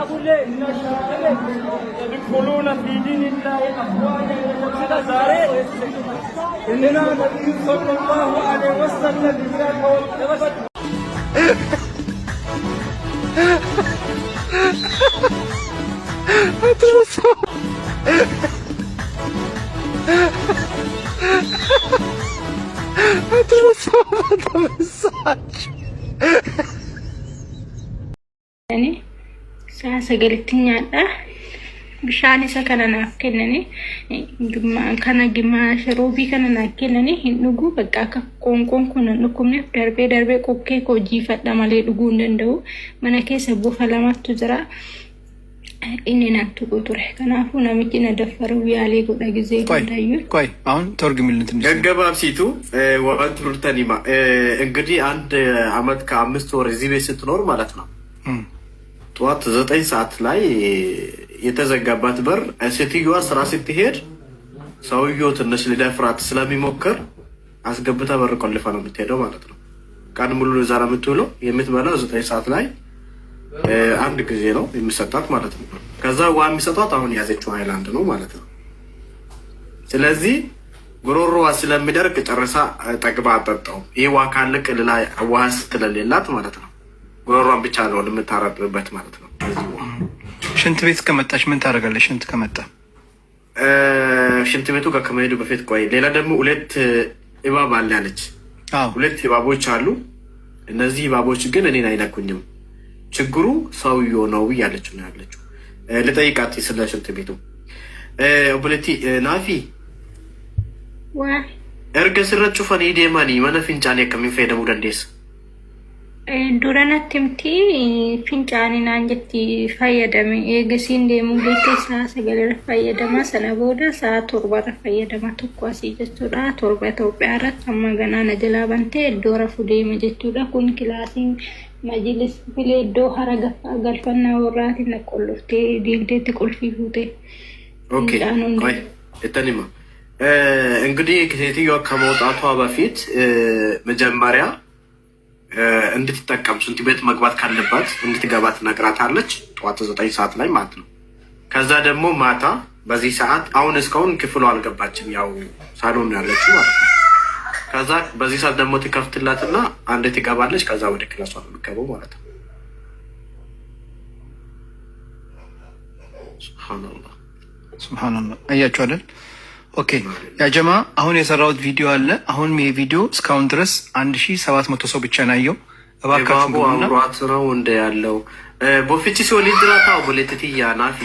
يدخلون في دين الله أفواجا إلى زارين إننا النبي صلى الله عليه وسلم يعني sagalittiin nyaadha. Bishaan isa kana naaf kennani. Kana gimaasha roobii kana naaf kennani hin dhuguu. Bakka akka qoonqoon kun hin dhukkubneef darbee darbee qokkee koo jiifadha malee dhuguu hin danda'u. Mana keessa bofa lamatu jira. Inni naaf tuqu ture. Kanaafuu namichi na daffaru yaalee godha gizee dandaayyuu. ቆይ አሁን ተወርግ የሚሉት ገገባብሲቱ ወቀን ትሩርተን ይማ እንግዲህ አንድ አመት ከአምስት ወር እዚህ ቤት ስትኖር ማለት ነው ጠዋት ዘጠኝ ሰዓት ላይ የተዘጋባት በር ሴትዮዋ ስራ ስትሄድ ሰውየው ትንሽ ሊደፍራት ስለሚሞክር አስገብታ በር ቆልፋ ነው የምትሄደው ማለት ነው። ቀን ሙሉ እዛ ነው የምትውለው። የምትበላው ዘጠኝ ሰዓት ላይ አንድ ጊዜ ነው የሚሰጣት ማለት ነው። ከዛ ውሃ የሚሰጣት አሁን የያዘችው ሃይላንድ ነው ማለት ነው። ስለዚህ ጉሮሮዋ ስለሚደርቅ ጨርሳ ጠግባ አጠጣው። ይህ ውሃ ካለቅ ሌላ ውሃ ማለት ነው። ጉሮሯን ብቻ ነው የምታረጥብበት ማለት ነው። ሽንት ቤት ከመጣች ምን ታደርጋለች? ሽንት ከመጣ ሽንት ቤቱ ጋር ከመሄዱ በፊት ቆይ፣ ሌላ ደግሞ ሁለት እባብ አለ ያለች፣ ሁለት እባቦች አሉ። እነዚህ እባቦች ግን እኔን አይነኩኝም፣ ችግሩ ሰውዬው ነው ያለችው ነው ያለችው። ልጠይቃት ስለ ሽንት ቤቱ ኦቦሌቲ ናፊ ወይ sirratti cufanii deemanii mana fincaanii akkamiin fayyadamuu dandeessa? Duranatti miti fincaaninaan jetti fayyadame. Eegasiin deemu beekee isaa sagalirra fayyadama. Sana booda sa'a torba irra fayyadama tokko asii jechuudha. Torba Itoophiyaa irratti amma ganaana jalaa bantee iddoo rafu deema jechuudha. Kun kilaasiin majilis filee iddoo hara galfannaa warraatiin qollooftee diigdeetti qulfii fuute. ኦኬ እተን እንግዲህ ሴትዮ ከመውጣቷ በፊት መጀመሪያ እንድትጠቀም ሽንት ቤት መግባት ካለባት እንድትገባ ትነግራታለች። ጠዋት ዘጠኝ ሰዓት ላይ ማለት ነው። ከዛ ደግሞ ማታ በዚህ ሰዓት አሁን እስካሁን ክፍሉ አልገባችም፣ ያው ሳሎን ያለችው ማለት ነው። ከዛ በዚህ ሰዓት ደግሞ ትከፍትላትና አንድ ትገባለች። ከዛ ወደ ክላሷ የሚገባው ማለት ነው። ሱብሃነላህ ሱብሃነላህ አያችኋለን። ኦኬ ያጀማ አሁን የሰራሁት ቪዲዮ አለ። አሁን ይሄ ቪዲዮ እስካሁን ድረስ አንድ ሺ ሰባት መቶ ሰው ብቻ ናየው። እባካችሁ አምሯት ነው እንደ ያለው ቦፍቺ ሲሆን ጅራታ ቦሌትቲ ያናፊ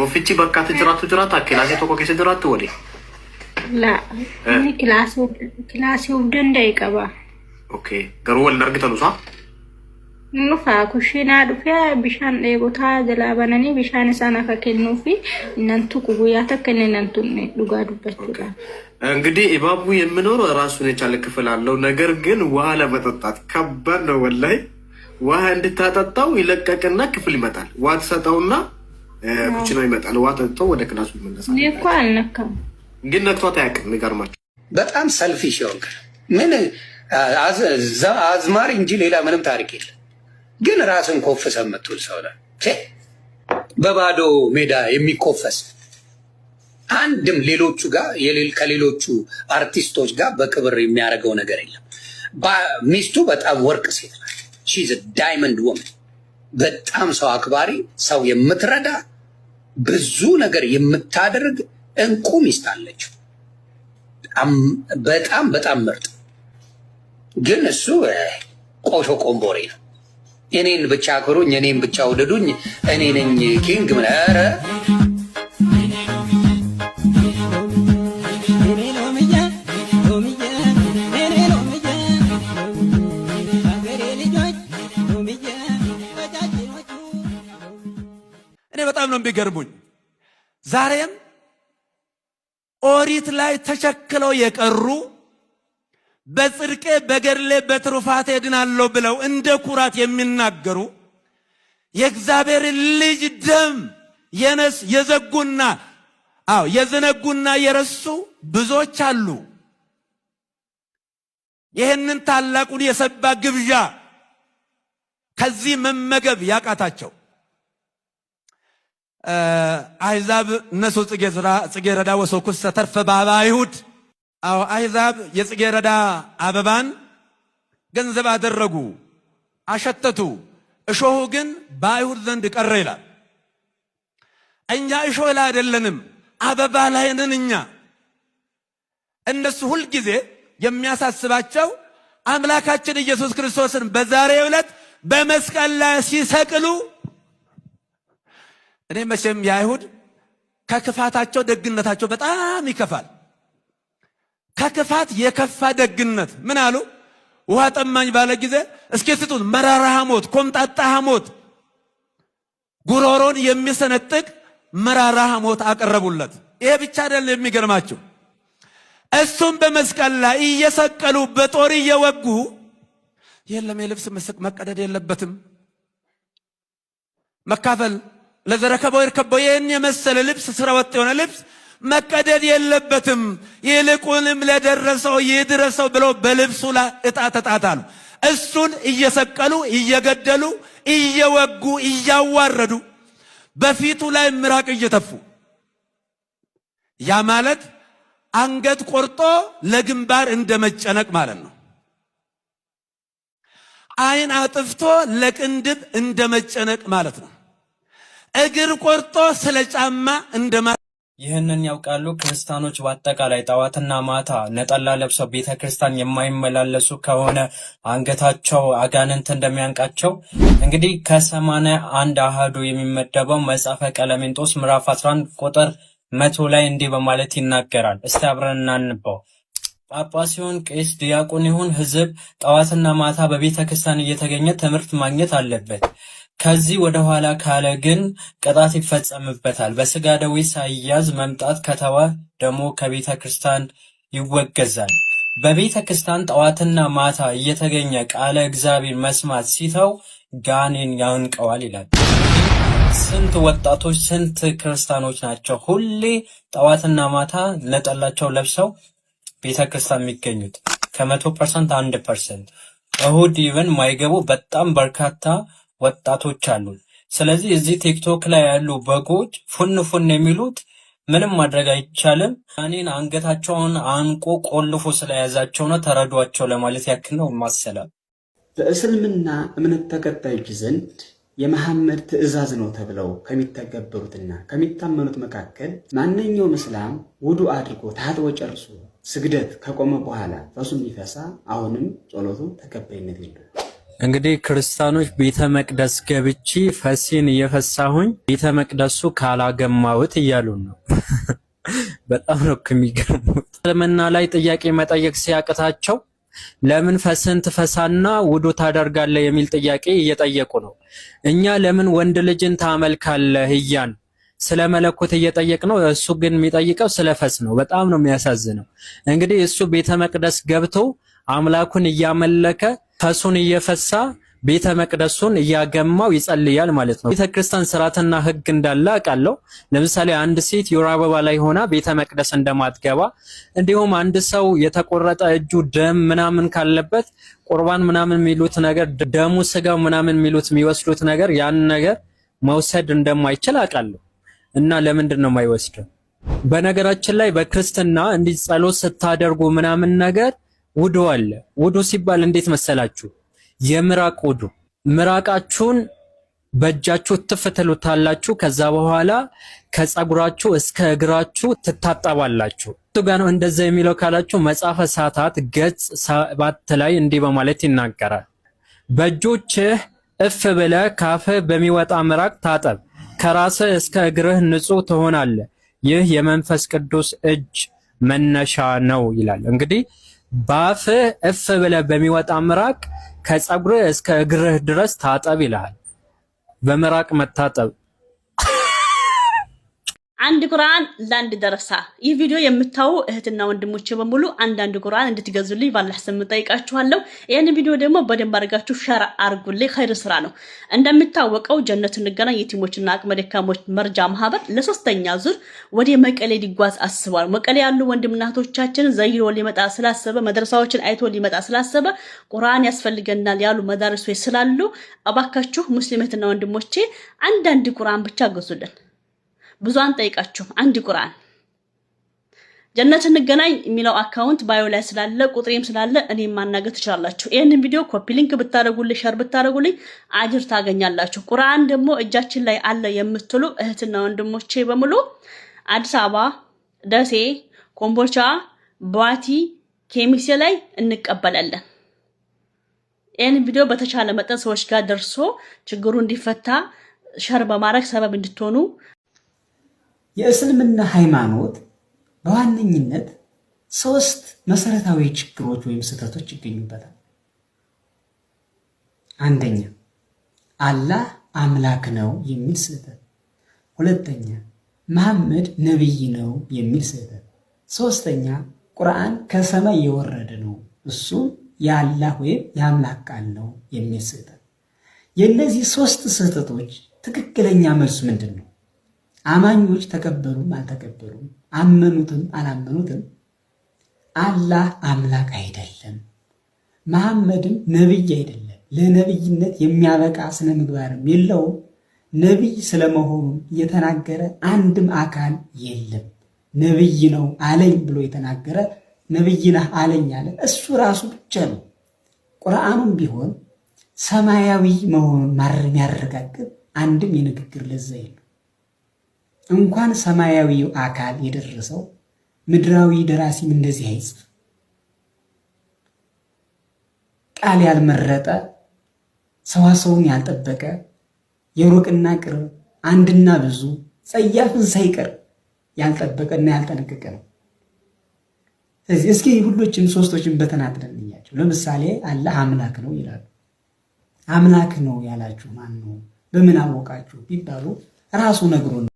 ቦፍቺ በቃ ትጅራቱ ጅራታ ክላሴ ቶኮ ኬሰ ጅራቱ ወዴ ክላሴ ውብደ እንዳይቀባ ገሩ ወልነርግተኑሳ nuufaa kushiinaa dhufee bishaan dheebotaa jalaa bananii bishaan isaan akka kennuu fi እናንቱ ጉያ ተከን እናንቱ ዱጋ ዱበችላ እንግዲህ ኢባቡ የሚኖረው ራሱን የቻለ ክፍል አለው። ነገር ግን ውሃ ለመጠጣት ከባድ ነው። ወላይ ውሃ እንድታጠጣው ይለቀቅና ክፍል ይመጣል። ውሃ ትሰጠውና ኩችና ይመጣል። ውሃ ጠጥቶ ወደ ክላሱ ይመለሳል። እኮ አልነካም፣ ግን ነክቷት አያውቅም። ይገርማቸው። በጣም ሰልፊሽ ሆንክ። ምን አዝማሪ እንጂ ሌላ ምንም ታሪክ የለም። ግን ራስን ኮፍሰ የምትውል ሰው ነህ። በባዶ ሜዳ የሚኮፈስ አንድም ሌሎቹ ጋር ከሌሎቹ አርቲስቶች ጋር በክብር የሚያደርገው ነገር የለም። ሚስቱ በጣም ወርቅ ሴት ናት። ሺዝ ዳይመንድ ወመን፣ በጣም ሰው አክባሪ፣ ሰው የምትረዳ፣ ብዙ ነገር የምታደርግ እንቁ ሚስት አለችው። በጣም በጣም ምርጥ። ግን እሱ ቆሾ ቆምቦሬ ነው። እኔን ብቻ አክብሩኝ፣ እኔን ብቻ ውደዱኝ፣ እኔ ነኝ ኪንግ ምን ኧረ እኔ በጣም ነው የሚገርሙኝ። ዛሬም ኦሪት ላይ ተቸክለው የቀሩ በጽድቄ በገድሌ በትሩፋት ድናለሁ ብለው እንደ ኩራት የሚናገሩ የእግዚአብሔር ልጅ ደም የነስ የዘጉና አዎ የዘነጉና የረሱ ብዙዎች አሉ። ይህንን ታላቁን የሰባ ግብዣ ከዚህ መመገብ ያቃታቸው አሕዛብ እነሱ ጽጌ ረዳ ወሶኩስ ተተርፈ ባባ አይሁድ አዎ አሕዛብ የጽጌረዳ አበባን ገንዘብ አደረጉ፣ አሸተቱ። እሾሁ ግን በአይሁድ ዘንድ ቀረ ይላል። እኛ እሾህ ላይ አይደለንም፣ አበባ ላይ ነን። እኛ እነሱ ሁልጊዜ የሚያሳስባቸው አምላካችን ኢየሱስ ክርስቶስን በዛሬ ዕለት በመስቀል ላይ ሲሰቅሉ፣ እኔ መቼም የአይሁድ ከክፋታቸው ደግነታቸው በጣም ይከፋል። ከክፋት የከፋ ደግነት ምን አሉ? ውሃ ጠማኝ ባለ ጊዜ እስኪ ስጡት መራራ ሐሞት፣ ኮምጣጣ ሐሞት፣ ጉሮሮን የሚሰነጥቅ መራራ ሐሞት አቀረቡለት። ይሄ ብቻ አይደለም የሚገርማቸው፣ እሱም በመስቀል ላይ እየሰቀሉ በጦር እየወጉ የለም የልብስ መቀደድ የለበትም መካፈል ለዘረከበው ይርከበው ይህን የመሰለ ልብስ ስራ ወጥ የሆነ ልብስ መቀደድ የለበትም ይልቁንም ለደረሰው ይድረሰው ብለው በልብሱ ላይ እጣ ተጣጣሉ። እሱን እየሰቀሉ እየገደሉ እየወጉ እያዋረዱ በፊቱ ላይ ምራቅ እየተፉ ያ ማለት አንገት ቆርጦ ለግንባር እንደመጨነቅ ማለት ነው። ዓይን አጥፍቶ ለቅንድብ እንደመጨነቅ ማለት ነው። እግር ቆርጦ ስለ ጫማ እንደ ይህንን ያውቃሉ ክርስቲያኖች በአጠቃላይ ጠዋትና ማታ ነጠላ ለብሰው ቤተ ክርስቲያን የማይመላለሱ ከሆነ አንገታቸው አጋንንት እንደሚያንቃቸው። እንግዲህ ከሰማንያ አንድ አሃዱ የሚመደበው መጽሐፈ ቀለሜንጦስ ምዕራፍ 11 ቁጥር መቶ ላይ እንዲህ በማለት ይናገራል። እስቲ አብረን እናንበው። ጳጳስ ሲሆን ቄስ፣ ዲያቆን ይሁን ህዝብ ጠዋትና ማታ በቤተ ክርስቲያን እየተገኘ ትምህርት ማግኘት አለበት። ከዚህ ኋላ ካለ ግን ቅጣት ይፈጸምበታል። በሥጋ ደዌ ሳይያዝ መምጣት ከተዋ ደግሞ ከቤተ ክርስቲያን ይወገዛል። በቤተ ክርስቲያን ጠዋትና ማታ እየተገኘ ቃለ እግዚአብሔር መስማት ሲተው ጋኔን ያንቀዋል ይላል። ስንት ወጣቶች ስንት ክርስቲያኖች ናቸው ሁሌ ጠዋትና ማታ ነጠላቸው ለብሰው ቤተ ክርስቲያን የሚገኙት? ከመቶ ፐርሰንት አንድ ፐርሰንት እሁድ ኢቨን ማይገቡ በጣም በርካታ ወጣቶች አሉ። ስለዚህ እዚህ ቲክቶክ ላይ ያሉ በጎች ፉን ፉን የሚሉት ምንም ማድረግ አይቻልም። እኔን አንገታቸውን አንቆ ቆልፎ ስለያዛቸው ነው። ተረዷቸው ለማለት ያክል ነው። ማሰላም በእስልምና እምነት ተከታዮች ዘንድ የመሐመድ ትእዛዝ ነው ተብለው ከሚተገበሩትና ከሚታመኑት መካከል ማንኛውም እስላም ውዱ አድርጎ ታጥቦ ጨርሶ ስግደት ከቆመ በኋላ ፈሱ የሚፈሳ አሁንም ጸሎቱ ተቀባይነት የለውም። እንግዲህ ክርስቲያኖች ቤተ መቅደስ ገብቼ ፈሲን እየፈሳሁኝ ቤተ መቅደሱ ካላገማውት እያሉ ነው። በጣም ነው ከሚገርሙት። እስልምና ላይ ጥያቄ መጠየቅ ሲያቅታቸው ለምን ፈስን ትፈሳና ውዱ ታደርጋለህ የሚል ጥያቄ እየጠየቁ ነው። እኛ ለምን ወንድ ልጅን ታመልካለህ እያን ስለ መለኮት እየጠየቅ ነው። እሱ ግን የሚጠይቀው ስለ ፈስ ነው። በጣም ነው የሚያሳዝነው። እንግዲህ እሱ ቤተ መቅደስ ገብቶ አምላኩን እያመለከ ፈሱን እየፈሳ ቤተ መቅደሱን እያገማው ይጸልያል ማለት ነው። ቤተ ክርስቲያን ስርዓትና ህግ እንዳለ አውቃለሁ። ለምሳሌ አንድ ሴት የወር አበባ ላይ ሆና ቤተ መቅደስ እንደማትገባ እንዲሁም አንድ ሰው የተቆረጠ እጁ ደም ምናምን ካለበት ቁርባን ምናምን የሚሉት ነገር ደሙ ስጋው ምናምን የሚሉት የሚወስዱት ነገር ያን ነገር መውሰድ እንደማይችል አውቃለሁ። እና ለምንድን ነው በነገራችን ላይ በክርስትና እንዲህ ጸሎት ስታደርጉ ምናምን ነገር ውዶ አለ። ውዶ ሲባል እንዴት መሰላችሁ? የምራቅ ውዶ። ምራቃችሁን በእጃችሁ ትፍትሉታላችሁ። ከዛ በኋላ ከጸጉራችሁ እስከ እግራችሁ ትታጠባላችሁ። እሱ ጋ ነው እንደዛ የሚለው ካላችሁ መጽሐፈ ሳታት ገጽ ሰባት ላይ እንዲህ በማለት ይናገራል። በእጆችህ እፍ ብለ ካፍህ በሚወጣ ምራቅ ታጠብ፣ ከራስህ እስከ እግርህ ንጹህ ትሆናለህ። ይህ የመንፈስ ቅዱስ እጅ መነሻ ነው ይላል እንግዲህ ባፍ እፍ ብለህ በሚወጣ ምራቅ ከፀጉርህ እስከ እግርህ ድረስ ታጠብ ይልሃል። በምራቅ መታጠብ አንድ ቁርአን ለአንድ ደረሳ። ይህ ቪዲዮ የምታዩ እህትና ወንድሞች በሙሉ አንዳንድ ቁርአን እንድትገዙልኝ ባላህ ስም ጠይቃችኋለሁ። ይህን ቪዲዮ ደግሞ በደንብ አድርጋችሁ ሸር አርጉልኝ፣ ኸይር ስራ ነው። እንደሚታወቀው ጀነት እንገናኝ የቲሞችና አቅመ ደካሞች መርጃ ማህበር ለሶስተኛ ዙር ወደ መቀሌ ሊጓዝ አስቧል። መቀሌ ያሉ ወንድምናቶቻችን ዘይሮ ሊመጣ ስላሰበ፣ መድረሳዎችን አይቶ ሊመጣ ስላሰበ ቁርአን ያስፈልገናል ያሉ መዳርሶች ስላሉ እባካችሁ ሙስሊም እህትና ወንድሞቼ አንዳንድ ቁርአን ብቻ ገዙልን። ብዙ አንጠይቃችሁም። አንድ ቁርአን ጀነት እንገናኝ የሚለው አካውንት ባዮ ላይ ስላለ ቁጥሬም ስላለ እኔም ማናገር ትችላላችሁ። ይህንን ቪዲዮ ኮፒ ሊንክ ብታደረጉልኝ፣ ሸር ብታደረጉልኝ አጅር ታገኛላችሁ። ቁርአን ደግሞ እጃችን ላይ አለ የምትሉ እህትና ወንድሞቼ በሙሉ አዲስ አበባ፣ ደሴ፣ ኮምቦልቻ፣ ቧቲ ኬሚሴ ላይ እንቀበላለን። ይህንን ቪዲዮ በተቻለ መጠን ሰዎች ጋር ደርሶ ችግሩ እንዲፈታ ሸር በማድረግ ሰበብ እንድትሆኑ የእስልምና ሃይማኖት በዋነኝነት ሶስት መሰረታዊ ችግሮች ወይም ስህተቶች ይገኙበታል። አንደኛ አላህ አምላክ ነው የሚል ስህተት፣ ሁለተኛ መሐመድ ነቢይ ነው የሚል ስህተት፣ ሶስተኛ ቁርአን ከሰማይ የወረደ ነው እሱም የአላህ ወይም የአምላክ ቃል ነው የሚል ስህተት። የእነዚህ ሶስት ስህተቶች ትክክለኛ መልሱ ምንድን ነው? አማኞች ተቀበሉም አልተቀበሉም፣ አመኑትም አላመኑትም አላህ አምላክ አይደለም፣ መሐመድም ነቢይ አይደለም። ለነቢይነት የሚያበቃ ስነ ምግባርም የለውም። ነቢይ ስለመሆኑ የተናገረ አንድም አካል የለም። ነቢይ ነው አለኝ ብሎ የተናገረ ነቢይ ነህ አለኝ አለ እሱ ራሱ ብቻ ነው። ቁርአኑም ቢሆን ሰማያዊ መሆኑን ማረም ያረጋግጥ አንድም የንግግር ለዛ የለው እንኳን ሰማያዊው አካል የደረሰው ምድራዊ ደራሲም እንደዚህ አይጽፍ። ቃል ያልመረጠ ሰዋሰውን ያልጠበቀ የሩቅና ቅርብ አንድና ብዙ ጸያፍን ሳይቀር ያልጠበቀና ያልጠነቀቀ ነው። ስለዚህ እስኪ ሁሎችም ሶስቶችን በተናጥለን ለምሳሌ አላህ አምላክ ነው ይላሉ። አምላክ ነው ያላችሁ ማን ነው? በምን አወቃችሁ ቢባሉ ራሱ ነግሮን